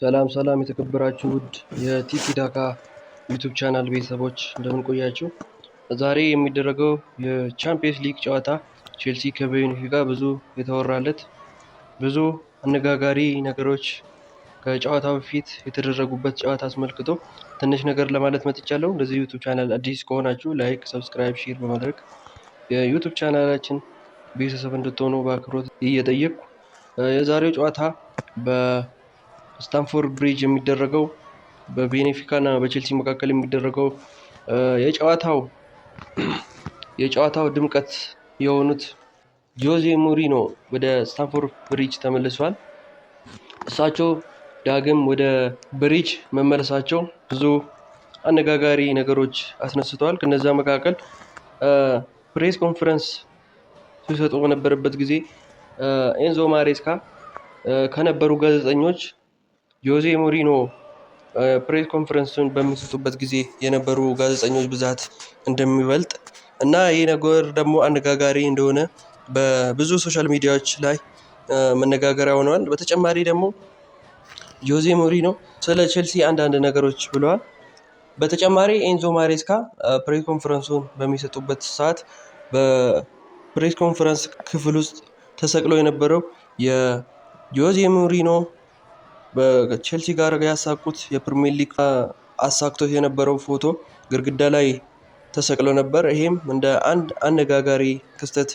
ሰላም ሰላም የተከበራችሁ ውድ የቲኪ ዳካ ዩቱብ ቻናል ቤተሰቦች እንደምን ቆያችሁ? ዛሬ የሚደረገው የቻምፒየንስ ሊግ ጨዋታ ቼልሲ ከቤንፊካ ብዙ የተወራለት ብዙ አነጋጋሪ ነገሮች ከጨዋታው በፊት የተደረጉበት ጨዋታ አስመልክቶ ትንሽ ነገር ለማለት መጥቻለሁ። እንደዚህ ዩቱብ ቻናል አዲስ ከሆናችሁ ላይክ፣ ሰብስክራይብ፣ ሼር በማድረግ የዩቱብ ቻናላችን ቤተሰብ እንድትሆኑ በአክብሮት እየጠየቅኩ የዛሬው ጨዋታ ስታንፎርድ ብሪጅ የሚደረገው በቤኔፊካ እና በቼልሲ መካከል የሚደረገው የጨዋታው የጨዋታው ድምቀት የሆኑት ጆዜ ሙሪኖ ወደ ስታንፎርድ ብሪጅ ተመልሷል። እሳቸው ዳግም ወደ ብሪጅ መመለሳቸው ብዙ አነጋጋሪ ነገሮች አስነስተዋል። ከነዛ መካከል ፕሬስ ኮንፈረንስ ሲሰጡ በነበረበት ጊዜ ኤንዞ ማሬስካ ከነበሩ ጋዜጠኞች ጆዜ ሞሪኖ ፕሬስ ኮንፈረንስን በሚሰጡበት ጊዜ የነበሩ ጋዜጠኞች ብዛት እንደሚበልጥ እና ይህ ነገር ደግሞ አነጋጋሪ እንደሆነ በብዙ ሶሻል ሚዲያዎች ላይ መነጋገሪያ ሆነዋል። በተጨማሪ ደግሞ ጆዜ ሞሪኖ ስለ ቼልሲ አንዳንድ ነገሮች ብለዋል። በተጨማሪ ኤንዞ ማሬስካ ፕሬስ ኮንፈረንሱን በሚሰጡበት ሰዓት በፕሬስ ኮንፈረንስ ክፍል ውስጥ ተሰቅሎ የነበረው የጆዜ ሞሪኖ በቼልሲ ጋር ያሳቁት የፕሪሚየር ሊግ አሳክቶት የነበረው ፎቶ ግድግዳ ላይ ተሰቅሎ ነበር። ይሄም እንደ አንድ አነጋጋሪ ክስተት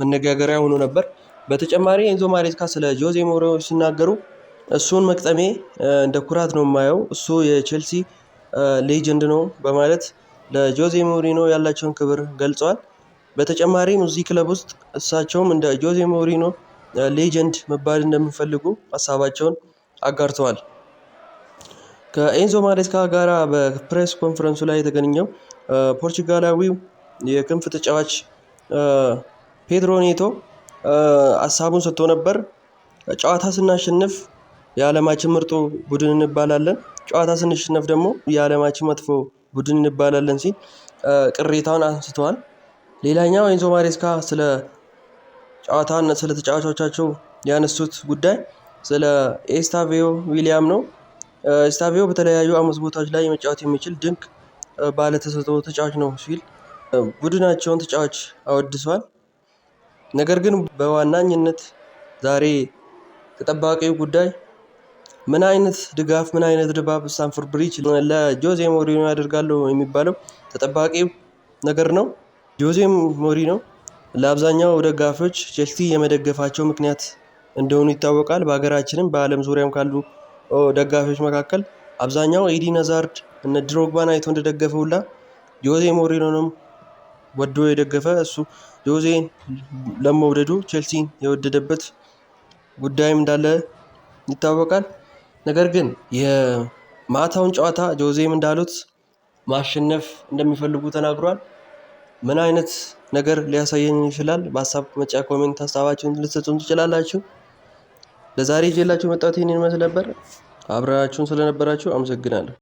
መነጋገሪያ ሆኖ ነበር። በተጨማሪ ኤንዞ ማሬስካ ስለ ጆዜ ሞሪኞ ሲናገሩ እሱን መቅጠሜ እንደ ኩራት ነው የማየው፣ እሱ የቼልሲ ሌጀንድ ነው በማለት ለጆዜ ሞሪኖ ያላቸውን ክብር ገልጸዋል። በተጨማሪም እዚህ ክለብ ውስጥ እሳቸውም እንደ ጆዜ ሞሪኖ ሌጀንድ መባል እንደሚፈልጉ ሀሳባቸውን አጋርተዋል። ከኤንዞ ማሬስካ ጋራ በፕሬስ ኮንፈረንሱ ላይ የተገኘው ፖርቹጋላዊው የክንፍ ተጫዋች ፔድሮ ኔቶ ሀሳቡን ሰጥቶ ነበር። ጨዋታ ስናሸንፍ የዓለማችን ምርጡ ቡድን እንባላለን፣ ጨዋታ ስንሸነፍ ደግሞ የዓለማችን መጥፎ ቡድን እንባላለን ሲል ቅሬታውን አንስተዋል። ሌላኛው ኤንዞ ማሬስካ ስለ ጨዋታን ስለ ተጫዋቾቻቸው ያነሱት ጉዳይ ስለ ኤስታቪዮ ዊሊያም ነው። ኤስታቪዮ በተለያዩ አምስት ቦታዎች ላይ መጫወት የሚችል ድንቅ ባለተሰጥኦ ተጫዋች ነው ሲል ቡድናቸውን ተጫዋች አወድሷል። ነገር ግን በዋናኝነት ዛሬ ተጠባቂው ጉዳይ ምን አይነት ድጋፍ ምን አይነት ድባብ ስታንፎርድ ብሪጅ ለጆዜ ሞሪኖ ያደርጋለሁ የሚባለው ተጠባቂው ነገር ነው። ጆዜ ሞሪኖ ለአብዛኛው ደጋፊዎች ቼልሲ የመደገፋቸው ምክንያት እንደሆኑ ይታወቃል። በሀገራችንም በዓለም ዙሪያም ካሉ ደጋፊዎች መካከል አብዛኛው ኤዲን ሃዛርድ እነ ድሮግባን አይቶ እንደደገፈ ሁላ ጆዜ ሞሪኖንም ወዶ የደገፈ እሱ ጆዜን ለመውደዱ ቼልሲን የወደደበት ጉዳይም እንዳለ ይታወቃል። ነገር ግን የማታውን ጨዋታ ጆዜም እንዳሉት ማሸነፍ እንደሚፈልጉ ተናግሯል። ምን አይነት ነገር ሊያሳየን ይችላል። በሀሳብ መጫ ኮሜንት ሀሳባችሁን ልትሰጡን ትችላላችሁ። ለዛሬ ይዤላችሁ መጣሁት ይህንን ይመስል ነበር። አብራችሁን ስለነበራችሁ አመሰግናለሁ።